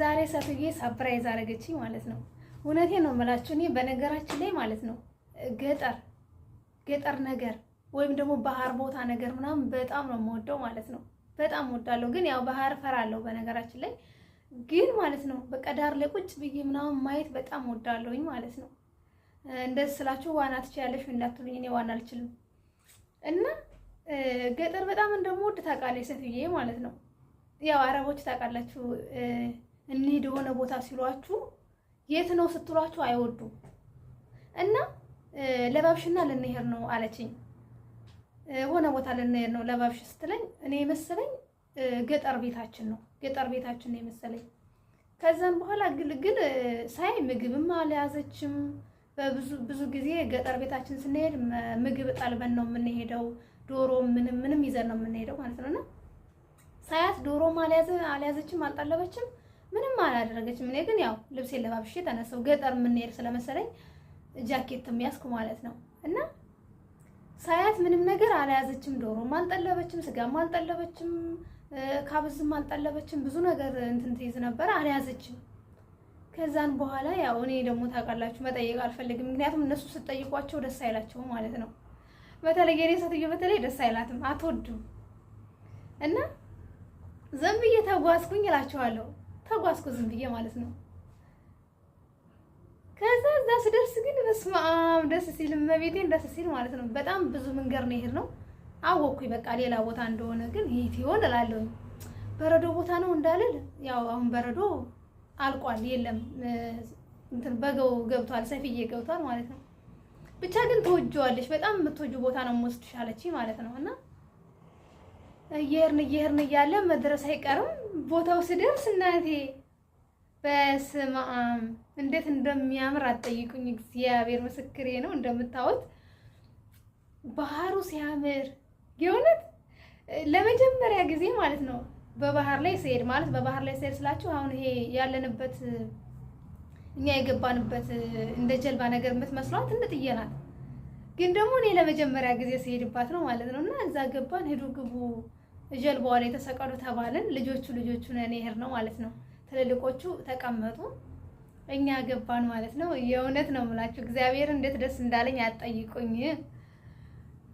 ዛሬ ሰፍዬ ሳፕራይዝ አደረገችኝ ማለት ነው። እውነቴን ነው የምላችሁ። እኔ በነገራችን ላይ ማለት ነው ገጠር ገጠር ነገር ወይም ደግሞ ባህር ቦታ ነገር ምናምን በጣም ነው የምወደው ማለት ነው። በጣም ወዳለሁ፣ ግን ያው ባህር ፈራለሁ በነገራችን ላይ ግን ማለት ነው በቀዳር ላይ ቁጭ ብዬ ምናምን ማየት በጣም ወዳለሁኝ ማለት ነው። እንደዚህ ስላችሁ ዋና ትችያለሽ እንዳትሉኝ፣ እኔ ዋና አልችልም። እና ገጠር በጣም እንደምወድ ታውቃለች ሴትዬ ማለት ነው። ያው አረቦች ታውቃላችሁ እንሄድ የሆነ ቦታ ሲሏችሁ የት ነው ስትሏችሁ አይወዱም። እና ለባብሽና ልንሄድ ነው አለችኝ። ሆነ ቦታ ልንሄድ ነው ለባብሽ ስትለኝ እኔ የመሰለኝ ገጠር ቤታችን ነው ገጠር ቤታችን ነው የመሰለኝ። ከዛም በኋላ ግልግል ሳይ ምግብም አልያዘችም። በብዙ ብዙ ጊዜ ገጠር ቤታችን ስንሄድ ምግብ ጠልበን ነው የምንሄደው፣ ዶሮ ምንም ምንም ይዘን ነው የምንሄደው ማለት ነው እና ሳያት ዶሮም አልያዘችም፣ አልጠለበችም ምንም አላደረገችም። እኔ ግን ያው ልብስ ለባብሽ ተነሰው ገጠር የምንሄድ ስለመሰለኝ ጃኬት የሚያስኩ ማለት ነው እና ሳያት ምንም ነገር አልያዘችም። ዶሮም አልጠለበችም፣ ስጋም አልጠለበችም፣ ካብዝም አልጠለበችም። ብዙ ነገር እንትን ትይዝ ነበረ አልያዘችም። ከዛን በኋላ ያው እኔ ደግሞ ታውቃላችሁ መጠየቅ አልፈልግም፣ ምክንያቱም እነሱ ስጠይቋቸው ደስ አይላቸውም ማለት ነው። በተለይ የኔ ሴትዮ በተለይ ደስ አይላትም፣ አትወዱም እና ዘንብ እየተጓዝኩኝ እላችኋለሁ። ተጓዝኩ ዝም ብዬ ማለት ነው። ከዛ እዛ ስደርስ ግን በስመ አብ ደስ ሲል መቤቴን ደስ ሲል ማለት ነው። በጣም ብዙ መንገድ ነው የሄድነው። አወኩኝ በቃ ሌላ ቦታ እንደሆነ ግን ይት ይሆን እላለሁ። በረዶ ቦታ ነው እንዳልል ያው አሁን በረዶ አልቋል፣ የለም እንትን በገው ገብቷል፣ ሰፊዬ ገብቷል ማለት ነው። ብቻ ግን ትወጂዋለሽ፣ በጣም የምትወጂው ቦታ ነው የምወስድሽ አለችኝ ማለት ነው እና እየሄድን እየሄድን እያለ መድረስ አይቀርም። ቦታው ስደርስ እናቴ በስመ አብ እንዴት እንደሚያምር አትጠይቁኝ። እግዚአብሔር ምስክሬ ነው። እንደምታዩት ባህሩ ሲያምር የእውነት ለመጀመሪያ ጊዜ ማለት ነው በባህር ላይ ስሄድ ማለት በባህር ላይ ስሄድ ስላችሁ አሁን ይሄ ያለንበት እኛ የገባንበት እንደ ጀልባ ነገር የምትመስሏት ትንጥዬ ናት፣ ግን ደግሞ እኔ ለመጀመሪያ ጊዜ ስሄድባት ነው ማለት ነው። እና እዛ ገባን ሄዱ ግቡ ጀልባዋ ላይ ተሰቀሉ ተባልን። ልጆቹ ልጆቹ ነን ይሄር ነው ማለት ነው። ትልልቆቹ ተቀመጡ፣ እኛ ገባን ማለት ነው። የእውነት ነው የምላችሁ እግዚአብሔር እንዴት ደስ እንዳለኝ አትጠይቁኝ።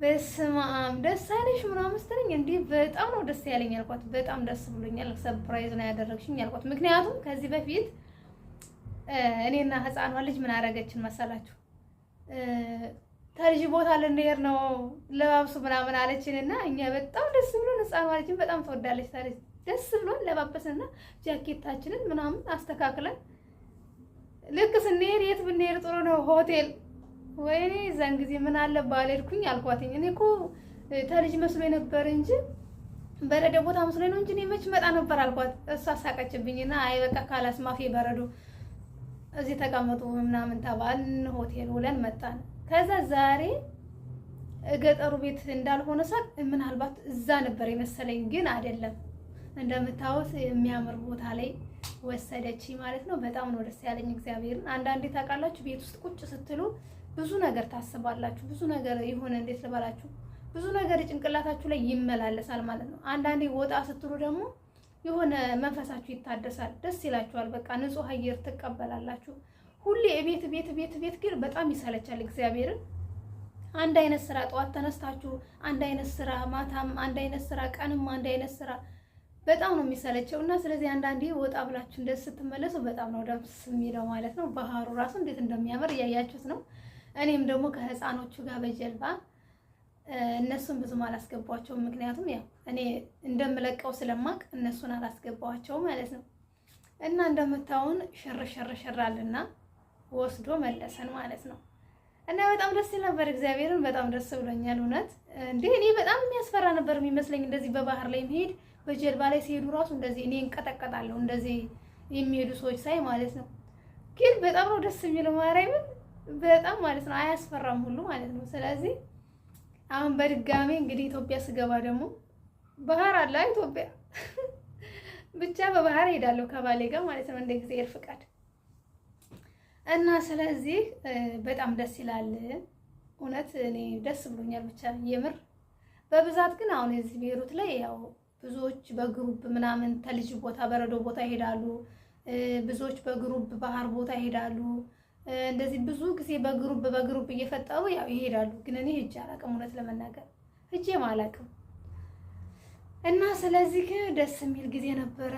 በስመ አብ ደስ አለሽ ምናምን ስትለኝ እንዲህ በጣም ነው ደስ ያለኝ አልኳት። በጣም ደስ ብሎኛል፣ ሰርፕራይዝ ነው ያደረግሽኝ አልኳት። ምክንያቱም ከዚህ በፊት እኔና ህፃኗ ልጅ ምን አደረገችን መሰላችሁ? ከልጅ ቦታ ልንሄድ ነው ለባብሱ ምናምን አለችን እና እኛ በጣም ደስ ብሎ ህፃን ማለችን በጣም ትወዳለች ታለች ደስ ብሎን ለባበስንና ጃኬታችንን ምናምን አስተካክለን ልክ ስንሄድ የት ብንሄድ ጥሩ ነው ሆቴል ወይኔ እዛን ጊዜ ምን አለ ባልሄድኩኝ አልኳትኝ እኔ እኮ ተልጅ መስሎ ነበር እንጂ በረደ ቦታ መስሎ ነው እንጂ እኔ መች መጣ ነበር አልኳት እሷ ሳቀችብኝና አይ በቃ ካላስማፌ በረዶ እዚህ ተቀመጡ ምናምን ተባልን ሆቴል ውለን መጣን ከዛ ዛሬ ገጠሩ ቤት እንዳልሆነ ሳል ምናልባት እዛ ነበር የመሰለኝ፣ ግን አይደለም። እንደምታዩት የሚያምር ቦታ ላይ ወሰደች ማለት ነው። በጣም ነው ደስ ያለኝ እግዚአብሔርን። አንዳንዴ ታውቃላችሁ ቤት ውስጥ ቁጭ ስትሉ ብዙ ነገር ታስባላችሁ። ብዙ ነገር የሆነ እንዴት ልበላችሁ፣ ብዙ ነገር ጭንቅላታችሁ ላይ ይመላለሳል ማለት ነው። አንዳንዴ ወጣ ስትሉ ደግሞ የሆነ መንፈሳችሁ ይታደሳል፣ ደስ ይላችኋል። በቃ ንጹህ አየር ትቀበላላችሁ። ሁሌ እቤት ቤት ቤት ቤት ግን በጣም ይሰለቻል። እግዚአብሔርን አንድ አይነት ስራ ጠዋት ተነስታችሁ አንድ አይነት ስራ ማታም አንድ አይነት ስራ ቀንም አንድ አይነት ስራ በጣም ነው የሚሰለቸው እና ስለዚህ አንዳንዴ ወጣ ብላችሁ እንደ ስትመለሱ በጣም ነው ደስ የሚለው ማለት ነው። ባህሩ ራሱ እንዴት እንደሚያምር እያያችሁት ነው። እኔም ደግሞ ከህፃኖቹ ጋር በጀልባ እነሱን ብዙም አላስገባቸውም። ምክንያቱም ያው እኔ እንደምለቀው ስለማቅ እነሱን አላስገባቸው ማለት ነው እና እንደምታውን ሸር ወስዶ መለሰን ማለት ነው። እና በጣም ደስ ይል ነበር። እግዚአብሔርን በጣም ደስ ብሎኛል። እውነት እንዴ እኔ በጣም የሚያስፈራ ነበር የሚመስለኝ እንደዚህ በባህር ላይ መሄድ። በጀልባ ላይ ሲሄዱ ራሱ እንደዚህ እኔ እንቀጠቀጣለሁ እንደዚህ የሚሄዱ ሰዎች ሳይ ማለት ነው። ግን በጣም ነው ደስ የሚለው ማርያምን በጣም ማለት ነው። አያስፈራም ሁሉ ማለት ነው። ስለዚህ አሁን በድጋሚ እንግዲህ ኢትዮጵያ ስገባ ደግሞ ባህር አለ ኢትዮጵያ ብቻ በባህር ሄዳለሁ ከባሌ ጋር ማለት ነው እንደ ጊዜ ፍቃድ እና ስለዚህ በጣም ደስ ይላል። እውነት እኔ ደስ ብሎኛል። ብቻ የምር በብዛት ግን አሁን የዚህ ቤሩት ላይ ያው ብዙዎች በግሩብ ምናምን ተልጅ ቦታ በረዶ ቦታ ይሄዳሉ። ብዙዎች በግሩብ ባህር ቦታ ይሄዳሉ። እንደዚህ ብዙ ጊዜ በግሩብ በግሩብ እየፈጠሩ ያው ይሄዳሉ። ግን እኔ ህጅ አላውቅም፣ እውነት ለመናገር ሂጄም አላውቅም። እና ስለዚህ ደስ የሚል ጊዜ ነበረ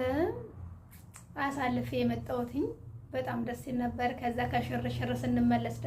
አሳልፌ የመጣሁትኝ። በጣም ደስ ይል ነበር። ከዛ ከሽርሽር ስንመለስ